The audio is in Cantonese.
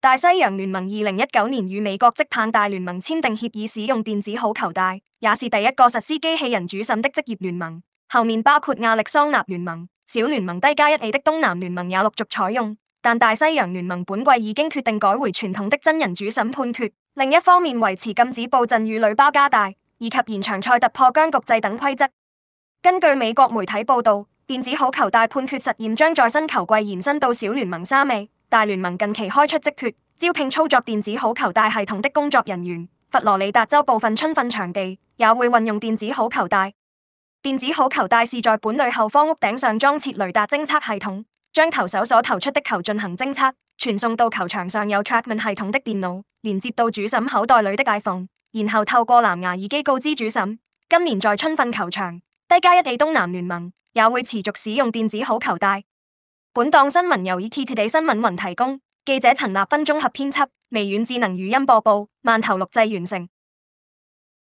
大西洋聯盟二零一九年與美國職棒大聯盟簽訂協議，使用電子好球帶，也是第一個實施機器人主審的職業聯盟。後面包括亞歷桑納聯盟、小聯盟低階 1A 的東南聯盟也陸續採用。但大西洋聯盟本季已經決定改回傳統的真人主審判決。另一方面，維持禁止布陣與壘包加大以及延長賽突破僵局制等規則。根據美國媒體報道，電子好球帶判決實驗將在新球季延伸到小聯盟 3A。大聯盟近期開出職缺，招聘操作電子好球帶系統的工作人員。佛羅里達州部分春訓場地也會運用電子好球帶。電子好球帶是在本壘後方屋頂上裝設雷達偵測系統，將投手所投出的球進行偵測，傳送到球場上有 Trackman 系統的電腦，連接到主審口袋裏的 iPhone，然後透過藍牙耳機告知主審。今年在春訓球場，低加一地東南聯盟也會持續使用電子好球帶。本檔新聞由 i、e、t t d 新聞雲提供，記者陳立芬綜合編輯，微軟智能語音播報，饅頭錄製完成。